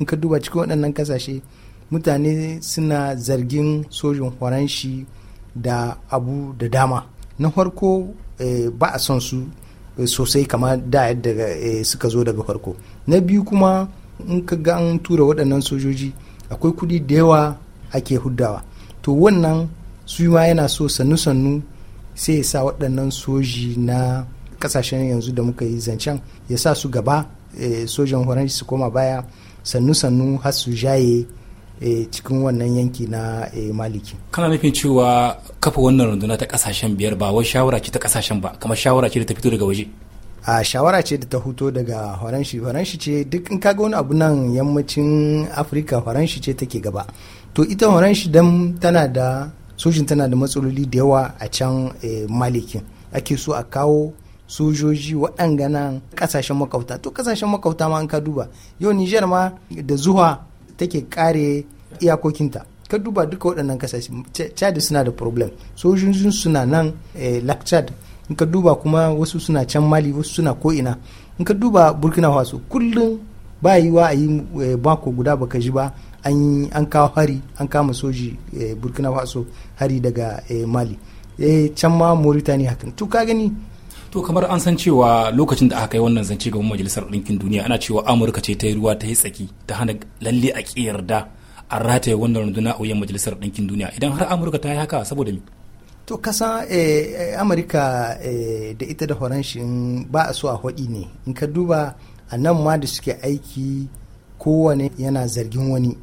in ka duba cikin waɗannan kasashe mutane suna zargin sojin faranshi da abu da dama na farko eh, ba a son su eh, sosai kamar da yadda eh, suka zo daga farko na biyu kuma in ka ga an tura waɗannan sojoji akwai kuɗi da yawa ake huddawa to wannan su ma yana so sannu-sannu sai ya sa waɗannan soji na ƙasashen yanzu da muka yi zancen ya sa su gaba Eh, sojan horanshi su koma baya sannu-sannu har su jaye eh, cikin wannan yanki na eh, maliki kana nufin cewa kafa wannan runduna ta kasashen biyar ba wai shawara ce ta kasashen ba kamar shawara ce da ta fito daga waje a shawara ce da ta huto daga horanshi horanshi ce duk in kaga wani abu nan yammacin afirka horanshi ce take gaba to ita horanshi dan tana da sojin tana da matsaloli da yawa a can malikin ake so a kawo sojoji waɗanga nan ƙasashen makauta to ƙasashen makauta ma an ka duba yau nijar ma da zuwa take kare iyakokinta ka duba duka waɗannan ƙasashe chad suna da problem sojojin suna nan eh, lak chad in ka duba kuma wasu suna can mali wasu suna ko'ina in ka duba burkina faso kullum ba yi a yi eh, mako guda baka ji ba an kawo hari an kama soji eh, burkina faso hari daga mali can ma mauritania hakan to ka gani to kamar an san cewa lokacin da aka kai wannan zance ga majalisar ɗinkin duniya ana cewa amurka ce ta yi ruwa ta yi tsaki ta hana lalle a ƙi yarda a rataye wannan runduna a wuyan majalisar ɗinkin duniya idan har amurka ta yi haka saboda me to kasa eh, eh, amurka eh, da ita da horanshin ba a so a hoɗi ne in ka duba a nan ma da suke aiki kowane yana zargin wani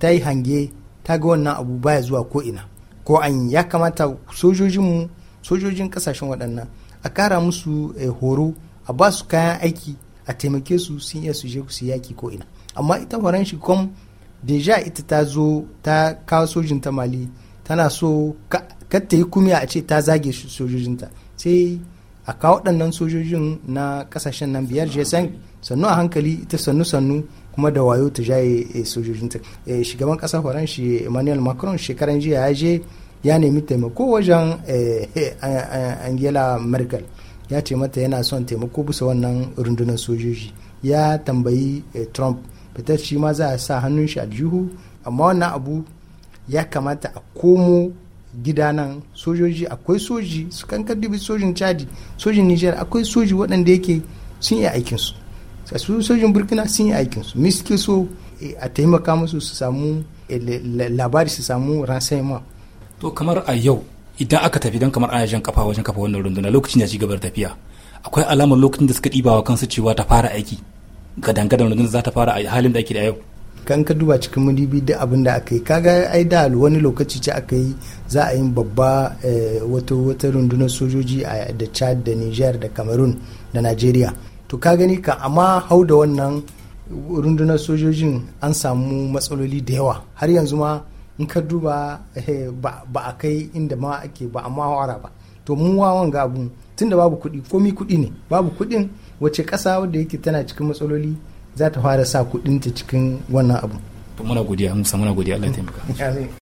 ta yi hange ta ga wannan abu baya zuwa ko ina ko an ya kamata sojojinmu sojojin kasashen waɗannan a kara musu eh, horo a ba su kayan aiki a taimake su sun iya su je su yaki ko ina amma ita horon shi kom deja ita ta zo ta kawo sojin ta mali tana so kar ta yi kumiya a ce ta zage sojojinta sai a kawo waɗannan sojojin na kasashen nan biyar san sannu a hankali ita sannu sannu kuma da wayo ta jaye eh, sojojinta eh, shugaban ƙasar faranshi emmanuel macron shekaran jiya ya je ya nemi taimako wajen eh, eh, eh, angela merkel ya ce mata yana son taimako bisa wannan rundunar sojoji ya tambayi trump fitar shi ma za a sa hannun shi a juhu amma wannan abu ya kamata a komo gida nan sojoji akwai soji su kankar dubi sojin chadi sojin niger akwai soji waɗanda yake sun yi aikinsu su sojin burkina sun yi aikinsu miski so a taimaka musu su samu labari su samu renseignement to kamar a yau idan aka tafi don kamar ana jan kafa wajen kafa wannan runduna lokacin ya ci gabar tafiya akwai alamar lokacin da suka ɗiba wa kansu cewa ta fara aiki ga dangadan rundunar za ta fara a halin da ake da yau kan ka duba cikin mudibi da abin da aka yi kaga ai da wani lokaci ce aka yi za a yi babba eh, wata wata rundunar sojoji a da chad da niger da cameroon da nigeria to ka gani ka amma hau da wannan rundunar sojojin an samu matsaloli da yawa har yanzu ma in ka duba eh, ba a kai inda ma ake ba amma wara ba to mu wawan ga abu tunda babu kuɗi komi kuɗi ne babu kuɗin wace ƙasa wadda yake tana cikin matsaloli za ta fara sa kuɗinta cikin wannan abu muna godiya musa godiya Allah ya taimaka